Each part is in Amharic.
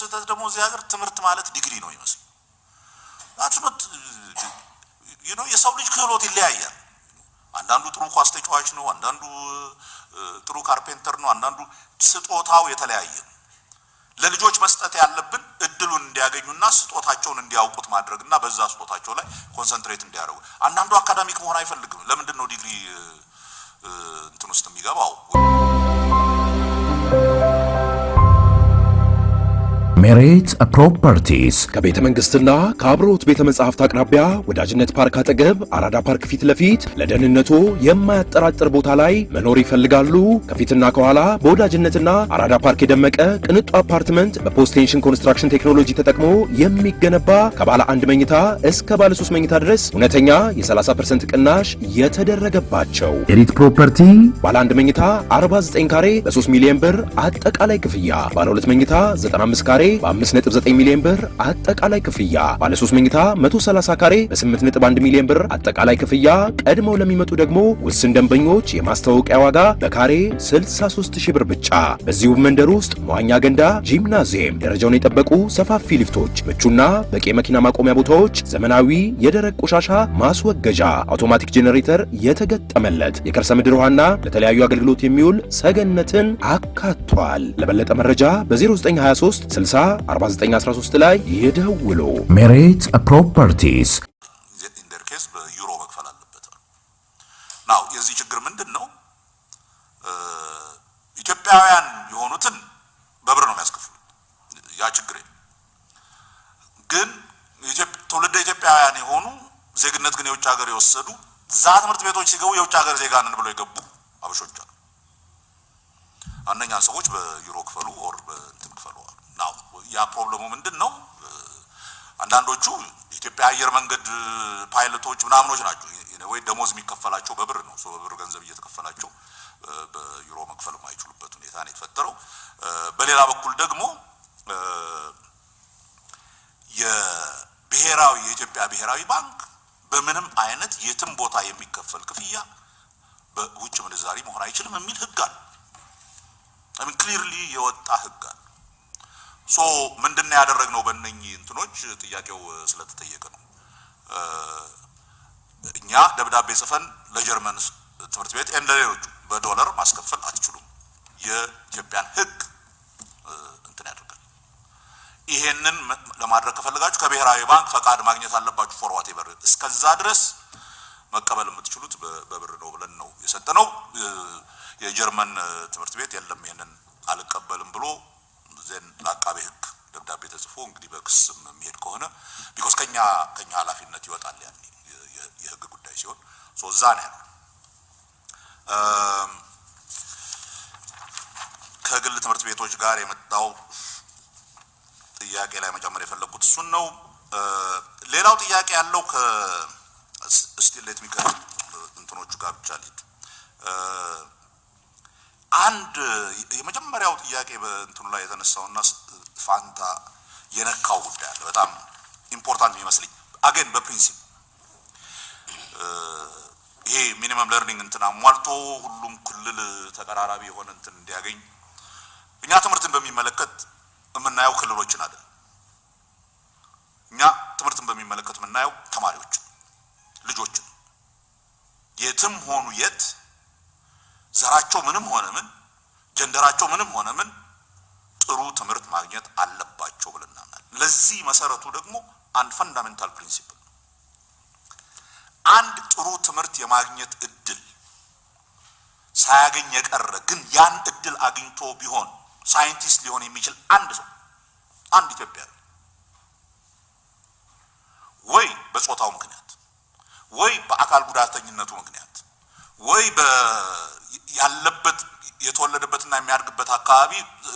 ስህተት ደግሞ እዚህ ሀገር ትምህርት ማለት ዲግሪ ነው ይመስል የሰው ልጅ ክህሎት ይለያያል። አንዳንዱ ጥሩ ኳስ ተጫዋች ነው፣ አንዳንዱ ጥሩ ካርፔንተር ነው፣ አንዳንዱ ስጦታው የተለያየ ነው። ለልጆች መስጠት ያለብን እድሉን እንዲያገኙና ስጦታቸውን እንዲያውቁት ማድረግና በዛ ስጦታቸው ላይ ኮንሰንትሬት እንዲያደርጉ። አንዳንዱ አካዳሚክ መሆን አይፈልግም። ለምንድን ነው ዲግሪ እንትን ውስጥ የሚገባው? ሜሪት ፕሮፐርቲስ ከቤተ መንግስትና ከአብሮት ቤተ መጻሕፍት አቅራቢያ ወዳጅነት ፓርክ አጠገብ አራዳ ፓርክ ፊት ለፊት ለደህንነቱ የማያጠራጥር ቦታ ላይ መኖር ይፈልጋሉ? ከፊትና ከኋላ በወዳጅነትና አራዳ ፓርክ የደመቀ ቅንጡ አፓርትመንት በፖስቴንሽን ኮንስትራክሽን ቴክኖሎጂ ተጠቅሞ የሚገነባ ከባለ አንድ መኝታ እስከ ባለ ሶስት መኝታ ድረስ እውነተኛ የ30% ቅናሽ የተደረገባቸው ሜሪት ፕሮፐርቲ ባለ አንድ መኝታ 49 ካሬ በ3 ሚሊዮን ብር አጠቃላይ ክፍያ፣ ባለ ሁለት መኝታ 95 ካሬ በ5.9 ሚሊዮን ብር አጠቃላይ ክፍያ፣ ባለ 3 መኝታ 130 ካሬ በ8.1 ሚሊዮን ብር አጠቃላይ ክፍያ፣ ቀድመው ለሚመጡ ደግሞ ውስን ደንበኞች የማስታወቂያ ዋጋ በካሬ 63000 ብር ብቻ። በዚሁ መንደር ውስጥ መዋኛ ገንዳ፣ ጂምናዚየም፣ ደረጃውን የጠበቁ ሰፋፊ ሊፍቶች፣ ምቹና በቂ የመኪና ማቆሚያ ቦታዎች፣ ዘመናዊ የደረቅ ቆሻሻ ማስወገጃ፣ አውቶማቲክ ጄኔሬተር የተገጠመለት የከርሰ ምድር ውሃና ለተለያዩ አገልግሎት የሚውል ሰገነትን አካቷል። ለበለጠ መረጃ በ0923 4913 ላይ ይደውሉ። ሜሬት ፕሮፐርቲስ ኢንደርኬስ በዩሮ መክፈል አለበት። ናው የዚህ ችግር ምንድን ነው? ኢትዮጵያውያን የሆኑትን በብር ነው የሚያስከፍሉት። ያ ችግር ግን ትውልደ ኢትዮጵያውያን የሆኑ ዜግነት ግን የውጭ ሀገር የወሰዱ እዛ ትምህርት ቤቶች ሲገቡ የውጭ ሀገር ዜጋ ነን ብለው የገቡ አበሾች አሉ። አንደኛ ሰዎች በዩሮ ክፈሉ ኦር በእንትን ክፈሉ አሉ። ነው። ያ ፕሮብለሙ ምንድን ነው? አንዳንዶቹ ኢትዮጵያ አየር መንገድ ፓይለቶች ምናምኖች ናቸው ወይ ደሞዝ የሚከፈላቸው በብር ነው። በብር ገንዘብ እየተከፈላቸው በዩሮ መክፈል የማይችሉበት ሁኔታ ነው የተፈጠረው። በሌላ በኩል ደግሞ የብሔራዊ የኢትዮጵያ ብሔራዊ ባንክ በምንም አይነት የትም ቦታ የሚከፈል ክፍያ በውጭ ምንዛሪ መሆን አይችልም የሚል ህግ አለ። ክሊርሊ የወጣ ህግ አለ። ሶ ምንድነው ያደረግነው? በእነኚህ እንትኖች ጥያቄው ስለተጠየቀ ነው። እኛ ደብዳቤ ጽፈን ለጀርመን ትምህርት ቤት ኤም ለሌሎቹ በዶላር ማስከፈል አትችሉም፣ የኢትዮጵያን ሕግ እንትን ያደርጋል። ይሄንን ለማድረግ ከፈለጋችሁ ከብሔራዊ ባንክ ፈቃድ ማግኘት አለባችሁ። ፎርዋት የበር እስከዛ ድረስ መቀበል የምትችሉት በብር ነው ብለን ነው የሰጠነው። የጀርመን ትምህርት ቤት የለም ይሄንን አልቀበልም ብሎ ዘን ለአቃቤ ህግ ደብዳቤ ተጽፎ እንግዲህ በክስም የሚሄድ ከሆነ ቢኮዝ ከኛ ከኛ ኃላፊነት ይወጣል። ያ የህግ ጉዳይ ሲሆን ሶ እዛ ነው ያለው። ከግል ትምህርት ቤቶች ጋር የመጣው ጥያቄ ላይ መጨመር የፈለግኩት እሱን ነው። ሌላው ጥያቄ ያለው ከስቲል ሌት ሚቀር እንትኖቹ ጋር ብቻ ልሂድ አንድ የመጀመሪያው ጥያቄ በእንትኑ ላይ የተነሳውና ፋንታ የነካው ጉዳይ አለ። በጣም ኢምፖርታንት የሚመስልኝ አገን በፕሪንሲፕ ይሄ ሚኒመም ለርኒንግ እንትን አሟልቶ ሁሉም ክልል ተቀራራቢ የሆነ እንትን እንዲያገኝ እኛ ትምህርትን በሚመለከት የምናየው ክልሎችን አለ። እኛ ትምህርትን በሚመለከት የምናየው ተማሪዎችን፣ ልጆችን የትም ሆኑ የት ዘራቸው ምንም ሆነ ምን፣ ጀንደራቸው ምንም ሆነ ምን ጥሩ ትምህርት ማግኘት አለባቸው ብለን እናምናለን። ለዚህ መሰረቱ ደግሞ አንድ ፈንዳሜንታል ፕሪንሲፕል ነው። አንድ ጥሩ ትምህርት የማግኘት እድል ሳያገኝ የቀረ ግን ያን እድል አግኝቶ ቢሆን ሳይንቲስት ሊሆን የሚችል አንድ ሰው አንድ ኢትዮጵያ ወይ በጾታው ምክንያት ወይ በአካል ጉዳተኝነቱ ምክንያት ወይ ያለበት የተወለደበትና የሚያድግበት አካባቢ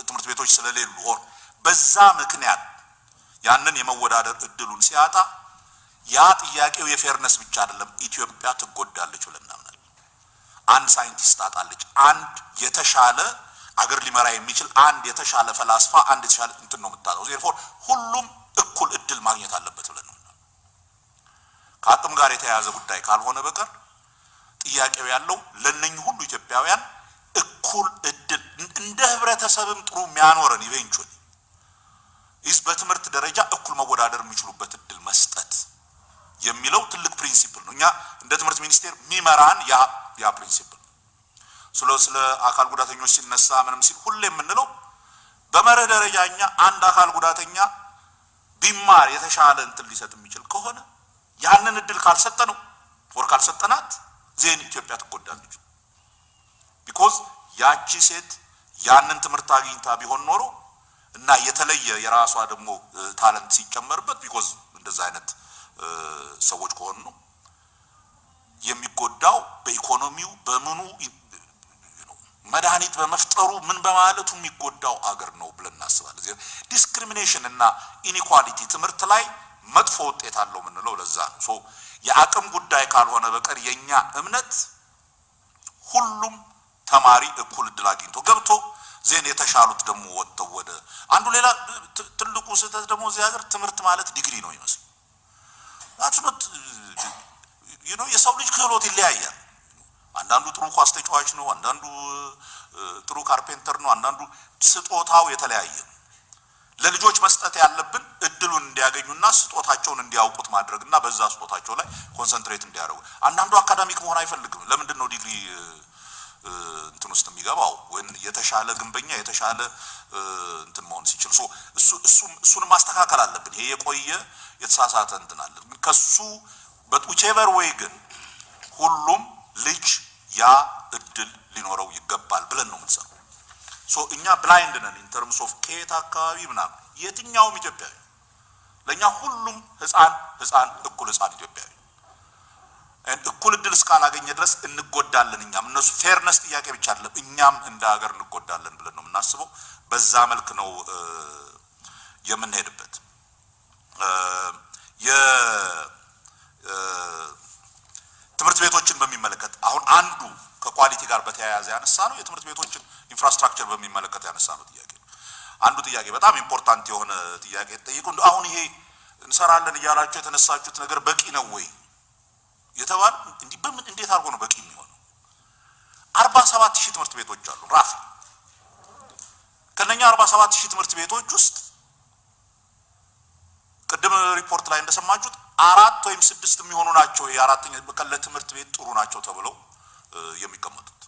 ትምህርት ቤቶች ስለሌሉ ሆኖ በዛ ምክንያት ያንን የመወዳደር እድሉን ሲያጣ ያ ጥያቄው የፌርነስ ብቻ አይደለም። ኢትዮጵያ ትጎዳለች ብለን እናምናለን። አንድ ሳይንቲስት አጣለች አንድ የተሻለ አገር ሊመራ የሚችል አንድ የተሻለ ፈላስፋ፣ አንድ የተሻለ እንትን ነው የምታጣው። ዜርፎር ሁሉም እኩል እድል ማግኘት አለበት ብለን ነው ከአቅም ጋር የተያያዘ ጉዳይ ካልሆነ በቀር ጥያቄው ያለው ለነኝ ሁሉ ኢትዮጵያውያን እኩል እድል እንደ ህብረተሰብም ጥሩ የሚያኖረን ኢቬንቹዋሊ ይስ በትምህርት ደረጃ እኩል መወዳደር የሚችሉበት እድል መስጠት የሚለው ትልቅ ፕሪንሲፕል ነው። እኛ እንደ ትምህርት ሚኒስቴር የሚመራን ያ ያ ፕሪንሲፕል ስለ ስለ አካል ጉዳተኞች ሲነሳ ምንም ሲል ሁሌ የምንለው በመርህ ደረጃ እኛ አንድ አካል ጉዳተኛ ቢማር የተሻለ እንትን ሊሰጥ የሚችል ከሆነ ያንን እድል ካልሰጠ ነው ወር ካልሰጠናት ዜን ኢትዮጵያ ትጎዳለች። ቢኮዝ ያቺ ሴት ያንን ትምህርት አግኝታ ቢሆን ኖሮ እና የተለየ የራሷ ደግሞ ታለንት ሲጨመርበት ቢኮዝ እንደዛ አይነት ሰዎች ከሆኑ ነው የሚጎዳው በኢኮኖሚው በምኑ መድኃኒት በመፍጠሩ ምን በማለቱ የሚጎዳው አገር ነው ብለን እናስባለን። ዲስክሪሚኔሽን እና ኢኒኳሊቲ ትምህርት ላይ መጥፎ ውጤት አለው የምንለው ለዛ ነው። የአቅም ጉዳይ ካልሆነ በቀር የኛ እምነት ሁሉም ተማሪ እኩል እድል አግኝቶ ገብቶ ዜን የተሻሉት ደግሞ ወጥተው ወደ አንዱ ሌላ ትልቁ ስህተት ደግሞ እዚህ ሀገር ትምህርት ማለት ዲግሪ ነው ይመስል የሰው ልጅ ክህሎት ይለያያል። አንዳንዱ ጥሩ ኳስ ተጫዋች ነው፣ አንዳንዱ ጥሩ ካርፔንተር ነው፣ አንዳንዱ ስጦታው የተለያየ ነው። ለልጆች መስጠት ያለብን እድሉን እንዲያገኙና ስጦታቸውን እንዲያውቁት ማድረግና በዛ ስጦታቸው ላይ ኮንሰንትሬት እንዲያደርጉ። አንዳንዱ አካዳሚክ መሆን አይፈልግም። ለምንድን ነው ዲግሪ እንትን ውስጥ የሚገባው? ወይም የተሻለ ግንበኛ የተሻለ እንትን መሆን ሲችል እሱን ማስተካከል አለብን። ይሄ የቆየ የተሳሳተ እንትን አለ። ከሱ በቱቼቨር ወይ ግን ሁሉም ልጅ ያ እድል ሊኖረው ይገባል ብለን ነው የምንሰራው። ሶ እኛ ብላይንድ ነን ኢንተርምስ ኦፍ ከየት አካባቢ ምናምን የትኛውም ኢትዮጵያዊ ለእኛ ሁሉም ህፃን ህፃን እኩል ህፃን ኢትዮጵያዊ እኩል እድል እስካላገኘ ድረስ እንጎዳለን። እኛም እነሱ ፌርነስ ጥያቄ ብቻ አይደለም፣ እኛም እንደ ሀገር እንጎዳለን ብለን ነው የምናስበው። በዛ መልክ ነው የምንሄድበት። ትምህርት ቤቶችን በሚመለከት አሁን አንዱ ከኳሊቲ ጋር በተያያዘ ያነሳ ነው የትምህርት ቤቶችን ኢንፍራስትራክቸር በሚመለከት ያነሳ ነው ጥያቄ አንዱ ጥያቄ በጣም ኢምፖርታንት የሆነ ጥያቄ ተጠይቁ። አሁን ይሄ እንሰራለን እያላችሁ የተነሳችሁት ነገር በቂ ነው ወይ የተባለ እንዲህ በምን እንዴት አድርጎ ነው በቂ የሚሆነው? አርባ ሰባት ሺህ ትምህርት ቤቶች አሉ ራፍ ከነኛ አርባ ሰባት ሺህ ትምህርት ቤቶች ውስጥ ቅድም ሪፖርት ላይ እንደሰማችሁት አራት ወይም ስድስት የሚሆኑ ናቸው። የአራተኛ ለትምህርት ቤት ጥሩ ናቸው ተብለው የሚቀመጡት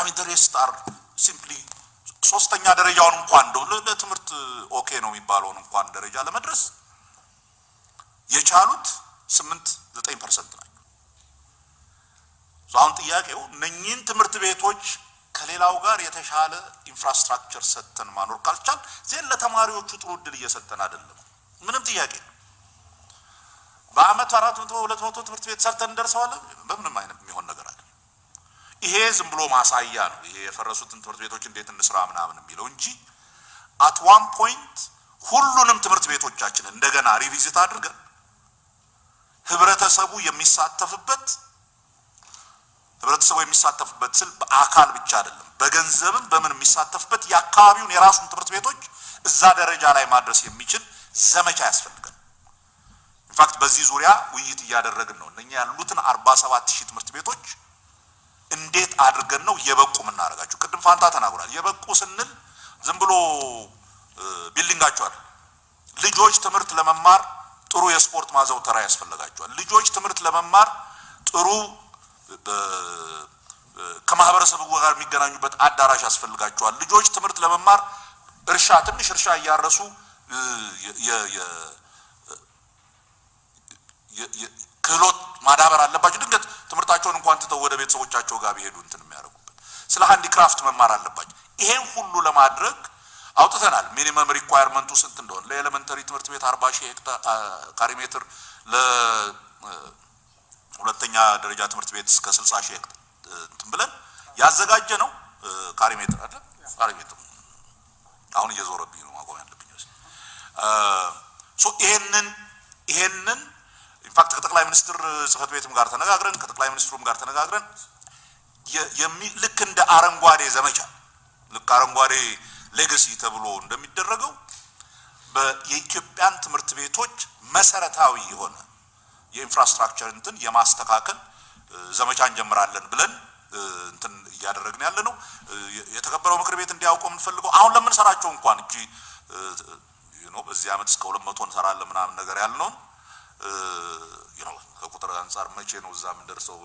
አሚን ሬስት አር ሲምፕሊ ሶስተኛ ደረጃውን እንኳን እንደው ለትምህርት ኦኬ ነው የሚባለውን እንኳን ደረጃ ለመድረስ የቻሉት ስምንት ዘጠኝ ፐርሰንት ናቸው። አሁን ጥያቄው እነኚህን ትምህርት ቤቶች ከሌላው ጋር የተሻለ ኢንፍራስትራክቸር ሰጥተን ማኖር ካልቻል ዜን ለተማሪዎቹ ጥሩ እድል እየሰጠን አይደለም። ምንም ጥያቄ በአመቱ አራት መቶ ሁለት መቶ ትምህርት ቤት ሰርተን እንደርሰዋለን። በምንም አይነት የሚሆን ነገር አለ። ይሄ ዝም ብሎ ማሳያ ነው። ይሄ የፈረሱትን ትምህርት ቤቶች እንዴት እንስራ ምናምን የሚለው እንጂ አት ዋን ፖይንት ሁሉንም ትምህርት ቤቶቻችን እንደገና ሪቪዚት አድርገን ህብረተሰቡ የሚሳተፍበት ህብረተሰቡ የሚሳተፍበት ስል በአካል ብቻ አይደለም፣ በገንዘብም በምን የሚሳተፍበት የአካባቢውን የራሱን ትምህርት ቤቶች እዛ ደረጃ ላይ ማድረስ የሚችል ዘመቻ ያስፈልጋል። ኢንፋክት በዚህ ዙሪያ ውይይት እያደረግን ነው። እነኛ ያሉትን አርባ ሰባት ሺህ ትምህርት ቤቶች እንዴት አድርገን ነው የበቁ የምናደርጋቸው? ቅድም ፋንታ ተናግሯል። የበቁ ስንል ዝም ብሎ ቢልዲንጋቸዋል። ልጆች ትምህርት ለመማር ጥሩ የስፖርት ማዘውተራ ያስፈልጋቸዋል። ልጆች ትምህርት ለመማር ጥሩ ከማህበረሰብ ጋር የሚገናኙበት አዳራሽ ያስፈልጋቸዋል። ልጆች ትምህርት ለመማር እርሻ፣ ትንሽ እርሻ እያረሱ ክህሎት ማዳበር አለባቸው። ድንገት ትምህርታቸውን እንኳን ትተው ወደ ቤተሰቦቻቸው ጋር ቢሄዱ እንትን የሚያደርጉበት ስለ ሃንዲ ክራፍት መማር አለባቸው። ይሄን ሁሉ ለማድረግ አውጥተናል። ሚኒመም ሪኳየርመንቱ ስንት እንደሆነ ለኤሌመንተሪ ትምህርት ቤት አርባ ሺህ ሄክታር ካሪ ሜትር ለሁለተኛ ደረጃ ትምህርት ቤት እስከ ስልሳ ሺህ እንትን ብለን ያዘጋጀ ነው። ካሪ ሜትር አለ ካሪ ሜትር አሁን እየዞረብኝ ነው ማቆም ያለብኝ። ይሄንን ይሄንን ኢንፋክት ከጠቅላይ ሚኒስትር ጽህፈት ቤትም ጋር ተነጋግረን ከጠቅላይ ሚኒስትሩም ጋር ተነጋግረን ልክ እንደ አረንጓዴ ዘመቻ ልክ አረንጓዴ ሌገሲ ተብሎ እንደሚደረገው የኢትዮጵያን ትምህርት ቤቶች መሰረታዊ የሆነ የኢንፍራስትራክቸር እንትን የማስተካከል ዘመቻ እንጀምራለን ብለን እንትን እያደረግን ያለ ነው። የተከበረው ምክር ቤት እንዲያውቀው የምንፈልገው አሁን ለምንሰራቸው እንኳን እጂ በዚህ አመት እስከ ሁለት መቶ እንሰራለን ምናምን ነገር ያልነውን ከቁጥር አንጻር መቼ ነው እዛ የምንደርሰው?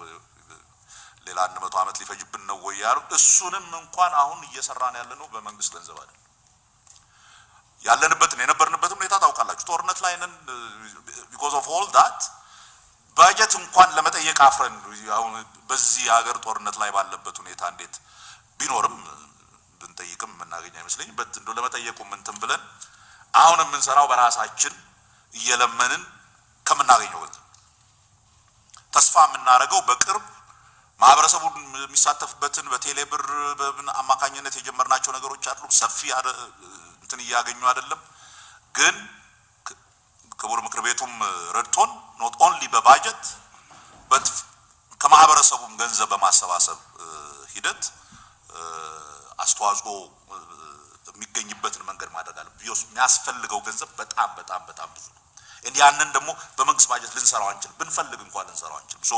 ሌላ አንድ መቶ ዓመት ሊፈጅብን ነው ወይ ያሉ እሱንም እንኳን አሁን እየሰራን ያለነው በመንግስት ገንዘብ አይደለም። ያለንበትን የነበርንበትን ሁኔታ ታውቃላችሁ። ጦርነት ላይ ነን። ቢኮዝ ኦፍ ኦል ዳት ባጀት እንኳን ለመጠየቅ አፍረን አሁን በዚህ ሀገር ጦርነት ላይ ባለበት ሁኔታ እንዴት ቢኖርም ብንጠይቅም የምናገኝ አይመስለኝም። በት እንደው ለመጠየቁ እንትን ብለን አሁን የምንሰራው በራሳችን እየለመንን ከምናገኘው ገንዘብ ተስፋ የምናደርገው በቅርብ ማህበረሰቡ የሚሳተፍበትን በቴሌ ብር አማካኝነት የጀመርናቸው ነገሮች አሉ። ሰፊ እንትን እያገኙ አይደለም፣ ግን ክቡር ምክር ቤቱም ረድቶን ኖት ኦንሊ በባጀት ከማህበረሰቡም ገንዘብ በማሰባሰብ ሂደት አስተዋጽኦ የሚገኝበትን መንገድ ማድረግ አለ። የሚያስፈልገው ገንዘብ በጣም በጣም በጣም ብዙ ነው። ያንን ደግሞ በመንግስት ባጀት ልንሰራው አንችልም፣ ብንፈልግ እንኳን ልንሰራው አንችልም። ሶ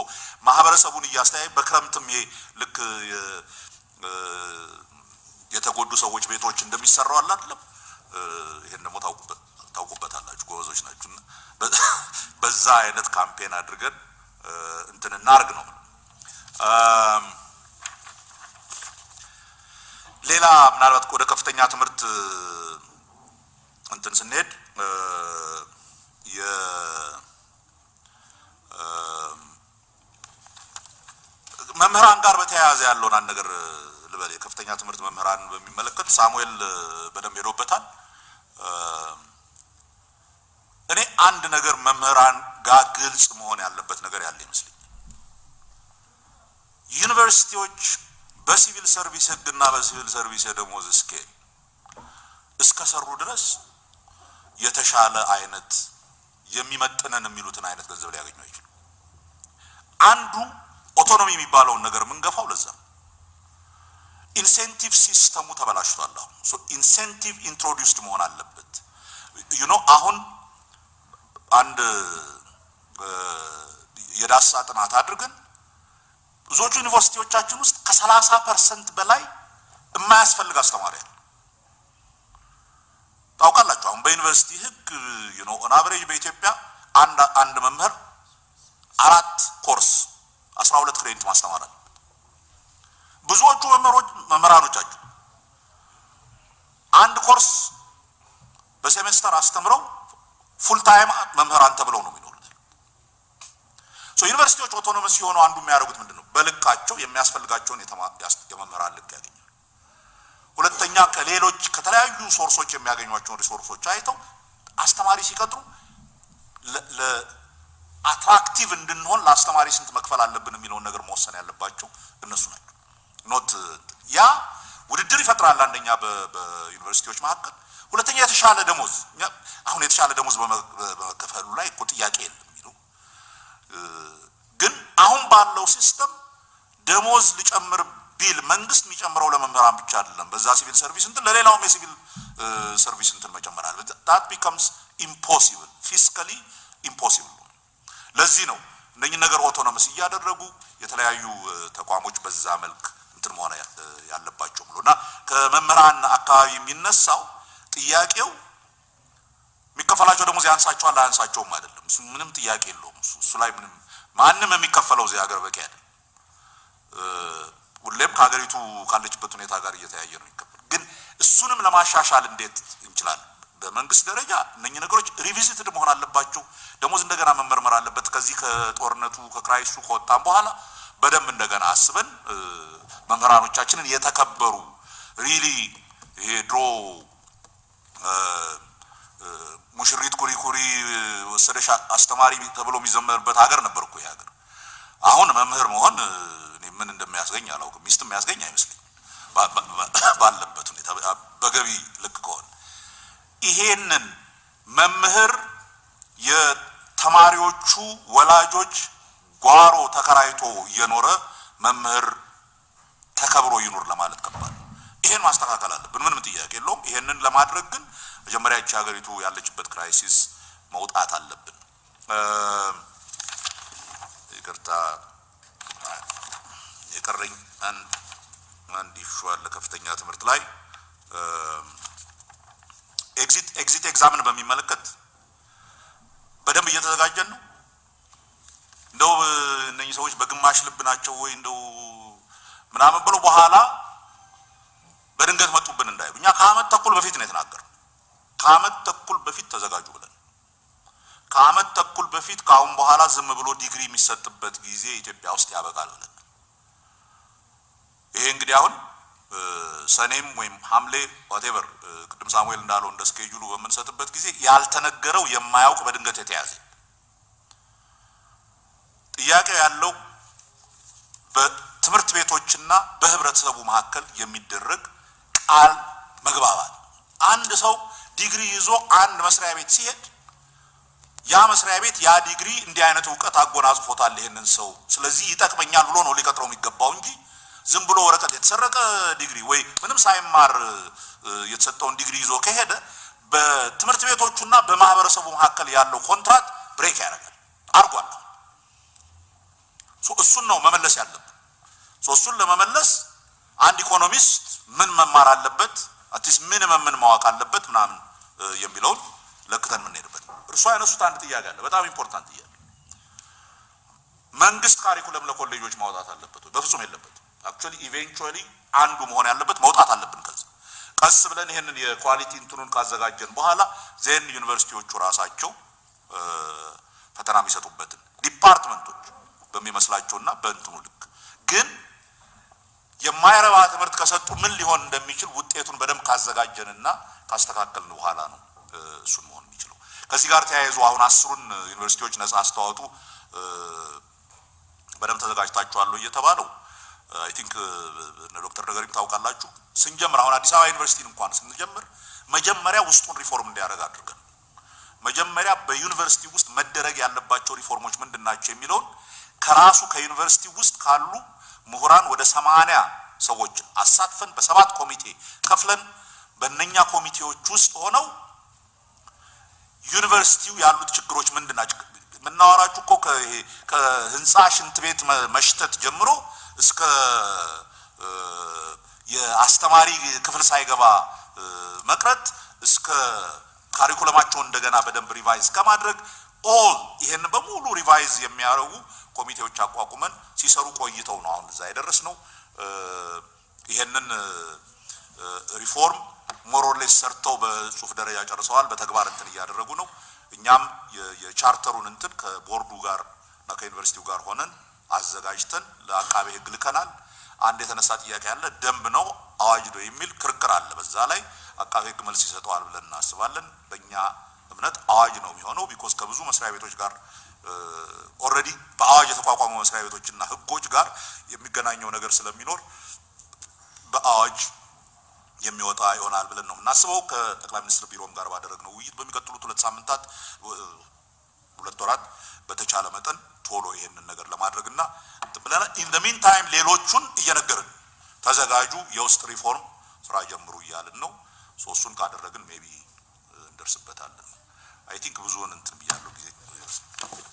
ማህበረሰቡን እያስተያየ በክረምትም ይሄ ልክ የተጎዱ ሰዎች ቤቶች እንደሚሰራው አለ አይደለም። ይሄን ደግሞ ታውቁበታላችሁ፣ ጎበዞች ናችሁ። በዛ አይነት ካምፔን አድርገን እንትን እናርግ ነው። ሌላ ምናልባት ወደ ከፍተኛ ትምህርት እንትን ስንሄድ መምህራን ጋር በተያያዘ ያለውን አንድ ነገር ልበል። የከፍተኛ ትምህርት መምህራን በሚመለከት ሳሙኤል በደንብ ሄዶበታል። እኔ አንድ ነገር መምህራን ጋር ግልጽ መሆን ያለበት ነገር ያለ ይመስለኛል። ዩኒቨርሲቲዎች በሲቪል ሰርቪስ ሕግና በሲቪል ሰርቪስ የደሞዝ ስኬል እስከሰሩ ድረስ የተሻለ አይነት የሚመጥነን የሚሉትን አይነት ገንዘብ ሊያገኙ አይችሉ። አንዱ ኦቶኖሚ የሚባለውን ነገር የምንገፋው ለዛ ነው። ኢንሴንቲቭ ሲስተሙ ተበላሽቷል። አሁን ሶ ኢንሴንቲቭ ኢንትሮዲውስድ መሆን አለበት። ኖ አሁን አንድ የዳሳ ጥናት አድርገን ብዙዎቹ ዩኒቨርሲቲዎቻችን ውስጥ ከሰላሳ ፐርሰንት በላይ የማያስፈልግ አስተማሪ አለ። ታውቃላችሁ። አሁን በዩኒቨርሲቲ ህግ ነው ኦን አቨሬጅ በኢትዮጵያ አንድ መምህር አራት ኮርስ አስራ ሁለት ክሬዲት ማስተማር አለ። ብዙዎቹ መምህሮች መምህራኖቻችሁ አንድ ኮርስ በሴሜስተር አስተምረው ፉል ታይም መምህራን ተብለው ነው የሚኖሩት። ዩኒቨርሲቲዎች ኦቶኖመስ ሲሆኑ አንዱ የሚያደርጉት ምንድን ነው? በልካቸው የሚያስፈልጋቸውን የመምህራን ልክ ያገኛል። ሁለተኛ ከሌሎች ከተለያዩ ሶርሶች የሚያገኟቸውን ሪሶርሶች አይተው አስተማሪ ሲቀጥሩ አትራክቲቭ እንድንሆን ለአስተማሪ ስንት መክፈል አለብን የሚለውን ነገር መወሰን ያለባቸው እነሱ ናቸው። ኖት ያ ውድድር ይፈጥራል። አንደኛ በዩኒቨርሲቲዎች መካከል፣ ሁለተኛ የተሻለ ደሞዝ። አሁን የተሻለ ደሞዝ በመከፈሉ ላይ እኮ ጥያቄ የለም የሚለው ግን አሁን ባለው ሲስተም ደሞዝ ሊጨምር ሲቪል መንግስት የሚጨምረው ለመምህራን ብቻ አይደለም። በዛ ሲቪል ሰርቪስ እንትን ለሌላውም የሲቪል ሰርቪስ እንትን መጨመር አለበት። ታት ቢካምስ ኢምፖሲብል ፊስካሊ ኢምፖሲብል። ለዚህ ነው እነኝን ነገር ኦቶኖመስ እያደረጉ የተለያዩ ተቋሞች በዛ መልክ እንትን መሆን ያለባቸው ብሎ እና ከመምህራን አካባቢ የሚነሳው ጥያቄው የሚከፈላቸው ደሞዝ ያንሳቸዋል አያንሳቸውም አይደለም። እሱ ምንም ጥያቄ የለውም። እሱ ላይ ምንም ማንም የሚከፈለው እዚህ ሀገር በቂ አይደለም። ሁሌም ከሀገሪቱ ካለችበት ሁኔታ ጋር እየተያየ ነው ይከፈል። ግን እሱንም ለማሻሻል እንዴት እንችላለን? በመንግስት ደረጃ እነኚህ ነገሮች ሪቪዚትድ መሆን አለባቸው። ደሞዝ እንደገና መመርመር አለበት። ከዚህ ከጦርነቱ ከክራይሱ ከወጣም በኋላ በደንብ እንደገና አስበን መምህራኖቻችንን የተከበሩ ሪሊ ይሄ ድሮ ሙሽሪት ኩሪ ኩሪ ወሰደሽ አስተማሪ ተብሎ የሚዘመርበት ሀገር ነበር እኮ ይሄ ሀገር። አሁን መምህር መሆን ምን እንደሚያስገኝ አላውቅም። ሚስት የሚያስገኝ አይመስለኝም ባለበት ሁኔታ በገቢ ልክ ከሆነ ይሄንን መምህር የተማሪዎቹ ወላጆች ጓሮ ተከራይቶ እየኖረ መምህር ተከብሮ ይኖር ለማለት ከባድ ነው። ይሄን ማስተካከል አለብን፣ ምንም ጥያቄ የለውም። ይሄንን ለማድረግ ግን መጀመሪያ ይቺ ሀገሪቱ ያለችበት ክራይሲስ መውጣት አለብን። ይቅርታ የቀረኝ አንድ አንድ ኢሹ አለ ከፍተኛ ትምህርት ላይ ኤግዚት ኤግዚት ኤግዛምን በሚመለከት በደንብ እየተዘጋጀን ነው። እንደው እነኚህ ሰዎች በግማሽ ልብ ናቸው ወይ እንደው ምናምን ብሎ በኋላ በድንገት መጡብን እንዳይሉ እኛ ከአመት ተኩል በፊት ነው የተናገር ከዓመት ተኩል በፊት ተዘጋጁ ብለን ከዓመት ተኩል በፊት ከአሁን በኋላ ዝም ብሎ ዲግሪ የሚሰጥበት ጊዜ ኢትዮጵያ ውስጥ ያበቃል ብለን ይሄ እንግዲህ አሁን ሰኔም ወይም ሐምሌ ዋቴቨር ቅድም ሳሙኤል እንዳለው እንደ ስኬጁሉ በምንሰጥበት ጊዜ ያልተነገረው የማያውቅ በድንገት የተያዘ ጥያቄው ያለው በትምህርት ቤቶችና በህብረተሰቡ መካከል የሚደረግ ቃል መግባባት። አንድ ሰው ዲግሪ ይዞ አንድ መስሪያ ቤት ሲሄድ ያ መስሪያ ቤት ያ ዲግሪ እንዲህ አይነት እውቀት አጎናጽፎታል ይሄንን ሰው ስለዚህ ይጠቅመኛል ብሎ ነው ሊቀጥረው የሚገባው እንጂ ዝም ብሎ ወረቀት የተሰረቀ ዲግሪ ወይ ምንም ሳይማር የተሰጠውን ዲግሪ ይዞ ከሄደ በትምህርት ቤቶቹና በማህበረሰቡ መካከል ያለው ኮንትራት ብሬክ ያደርጋል። አርጓል። እሱን ነው መመለስ ያለብን። እሱን ለመመለስ አንድ ኢኮኖሚስት ምን መማር አለበት፣ አትሊስ ሚኒመም ምን ማወቅ አለበት ምናምን የሚለውን ለክተን የምንሄድበት እርሷ ያነሱት አንድ ጥያቄ አለ፣ በጣም ኢምፖርታንት ጥያቄ። መንግስት ካሪኩለም ለኮሌጆች ማውጣት አለበት? በፍጹም የለበትም። አክቹዋሊ ኢቬንቹዋሊ አንዱ መሆን ያለበት መውጣት አለብን። ከዚህ ቀስ ብለን ይህንን የኳሊቲ እንትኑን ካዘጋጀን በኋላ ዜን ዩኒቨርሲቲዎቹ ራሳቸው ፈተና የሚሰጡበትን ዲፓርትመንቶች በሚመስላቸውና በእንትኑ ልክ ግን የማይረባ ትምህርት ከሰጡ ምን ሊሆን እንደሚችል ውጤቱን በደንብ ካዘጋጀንና ካስተካከልን በኋላ ነው እሱን መሆን የሚችለው። ከዚህ ጋር ተያይዞ አሁን አስሩን ዩኒቨርሲቲዎች ነጻ አስተዋጡ በደንብ ተዘጋጅታችኋል እየተባለው አይ ቲንክ ዶክተር ነገሪም ታውቃላችሁ። ስንጀምር አሁን አዲስ አበባ ዩኒቨርሲቲን እንኳን ስንጀምር መጀመሪያ ውስጡን ሪፎርም እንዲያደርግ አድርገን መጀመሪያ በዩኒቨርሲቲ ውስጥ መደረግ ያለባቸው ሪፎርሞች ምንድን ናቸው የሚለውን ከራሱ ከዩኒቨርሲቲ ውስጥ ካሉ ምሁራን ወደ ሰማንያ ሰዎች አሳትፈን በሰባት ኮሚቴ ከፍለን በእነኛ ኮሚቴዎች ውስጥ ሆነው ዩኒቨርሲቲው ያሉት ችግሮች ምንድን ናቸው የምናወራችሁ እኮ ከህንፃ ሽንት ቤት መሽተት ጀምሮ እስከ የአስተማሪ ክፍል ሳይገባ መቅረት እስከ ካሪኩለማቸውን እንደገና በደንብ ሪቫይዝ ከማድረግ ኦል ይሄን በሙሉ ሪቫይዝ የሚያደርጉ ኮሚቴዎች አቋቁመን ሲሰሩ ቆይተው ነው አሁን እዛ የደረስ ነው። ይሄንን ሪፎርም ሞሮሌስ ሰርተው በጽሁፍ ደረጃ ጨርሰዋል። በተግባር እንትን እያደረጉ ነው። እኛም የቻርተሩን እንትን ከቦርዱ ጋር እና ከዩኒቨርሲቲው ጋር ሆነን አዘጋጅተን ለአቃቤ ሕግ ልከናል። አንድ የተነሳ ጥያቄ አለ ደንብ ነው አዋጅ ነው የሚል ክርክር አለ። በዛ ላይ አቃቤ ሕግ መልስ ይሰጠዋል ብለን እናስባለን። በእኛ እምነት አዋጅ ነው የሚሆነው። ቢኮስ ከብዙ መስሪያ ቤቶች ጋር ኦልሬዲ በአዋጅ የተቋቋሙ መስሪያ ቤቶችና ሕጎች ጋር የሚገናኘው ነገር ስለሚኖር በአዋጅ የሚወጣ ይሆናል ብለን ነው የምናስበው። ከጠቅላይ ሚኒስትር ቢሮም ጋር ባደረግነው ውይይት በሚቀጥሉት ሁለት ሳምንታት ሁለት ወራት በተቻለ መጠን ቶሎ ይሄንን ነገር ለማድረግና ብለና ኢን ዘ ሚን ታይም ሌሎቹን እየነገርን ተዘጋጁ፣ የውስጥ ሪፎርም ስራ ጀምሩ እያልን ነው። ሶስቱን ካደረግን ሜቢ እንደርስበታለን። አይ ቲንክ ብዙውን እንትን ብያለሁ ጊዜ